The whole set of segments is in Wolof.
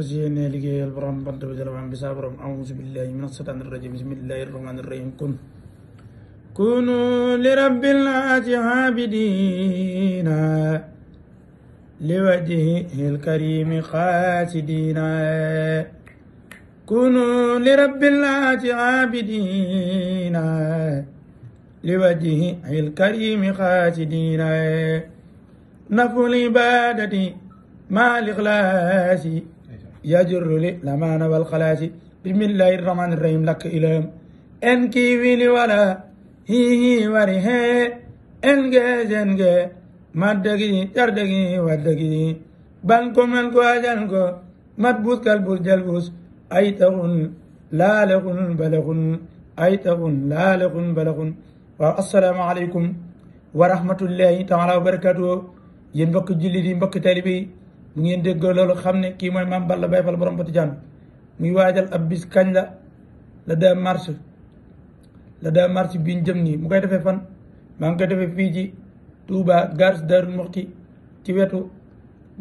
وزينا لقي البرام بند بدربان بسابرم أعوذ بالله من الشيطان الرجيم بسم الله الرحمن الرحيم كن كونوا لرب الله عابدين لوجهه الكريم خاسدين كونوا لرب الله عابدين لوجهه الكريم خاسدين نفوا العبادة مع الإخلاص يجر لي للأمان والخلاص بسم الله الرحمن الرحيم لك إلهم إن كي ولا ولا هي هي وري هي إن جي جن جي مدقي تردقي ودقي بلكم من كواجنكو مدبوس كالبوس جلبوس تغن لا لغن بلغن أي تغن لا لغن بلغن والسلام عليكم ورحمة الله تعالى وبركاته yéen mbokk jullit yi mbokk taalibe bu ngeen déggoo loolu xam ne kii mooy maam Balla bay fal borom Poti Jambi muy waajal ab bis kañ la la 2 marche la 2 marche bi jëm nii mu koy defee fan maa ngi koy defee fii ci Touba Gars Dar ci wetu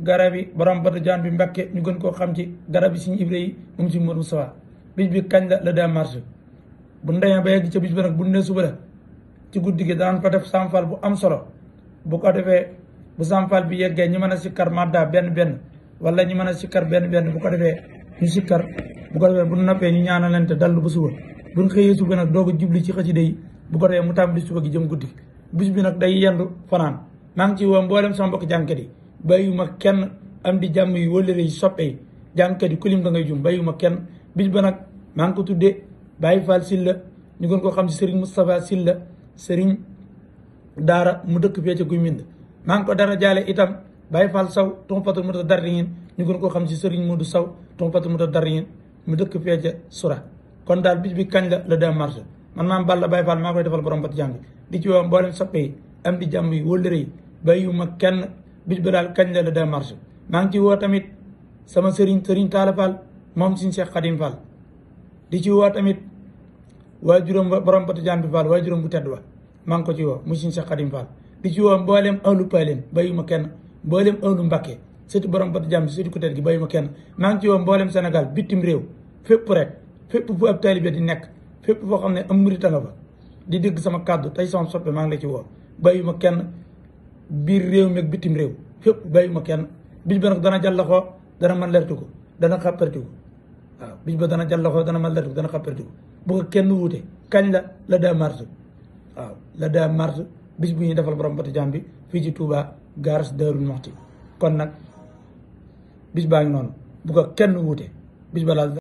garab yi borom Poti bi Mbàkke ñu gën koo xam ci garab yi Sëriñ Ibra yi moom si Mourou bis bi kañ la la 2 marche bu ndeyee ba yegg bis ba nag bu ne suba la ci guddi daan fa def samfal bu am solo bu ko defee bu sampal bi yegge ñu mëna a sikkar madda ben ben wala ñu mëna a sikkar ben benn bu ko defé ñu sikkar bu ko defé bu noppé ñu ñaanalante dallu bu suba buñ xëyee suba gëna dogu jibli jubli ci xati yi bu ko defé mu bi suba gi jëm guddi bis bi nak day yendu fanan maa ngi ci woo mboolem sama bokk jankati bayuma kenn am di jamm yi wëlëre yi soppé jankati kulim da ngay jum bayuma kenn bis bi nak maa ngi ko tuddee Baye Fall Silla ñu gën ko xam ci Serigne Moustapha Silla Serigne dara mu dëkk fi ci mang ko dara jale itam saw ton Sow muta Mutadarriin ñu gën ko xam ci Serigne Modou Sow muta Mutadarriin mu dëkk fiya Sura kon dal bis bi kañ la le 2 mars man maam Balla bay fal mako defal borom bat jang di ci wam bolen soppe am di jàmm yi bay yu bàyyiwuma kenn bis bi dal kañ la le mars mang ci wo tamit sama Serigne Serigne Talla Fall moom suñu Cheikh Khadim fal di ci wo tamit wajurum borom bat jang fal wajurum bu tedd wa mang ko ci wo mu sin Cheikh Khadim fal di ci woo mbooleem ahlu Palem ma kenn mbooleem ahlu Mbakke surtout borom batu jàmm surtout ku tedd gi ma kenn maa ngi ci woo mbooleem Sénégal bitim réew fépp rek fépp fu ab taalibe di nekk fépp foo xam ne am murit nga fa di dégg sama kàddu tey sama soppe maa ngi la ci woo bàyyuma kenn biir réew mi bitim réew fépp ma kenn bis ba nag dana jàllaxoo dana man lertu ko dana xàpparti ko waaw bis ba dana jàllaxoo dana man lertu ko dana xàpparti ko bu kenn wuute kañ la la daa waaw la daa mars bis bu ñuy defal borom batu jaam bi fii ci Touba garage Darou Mouhty kon nag bis baa ngi noonu bu ko kenn wuute bis ba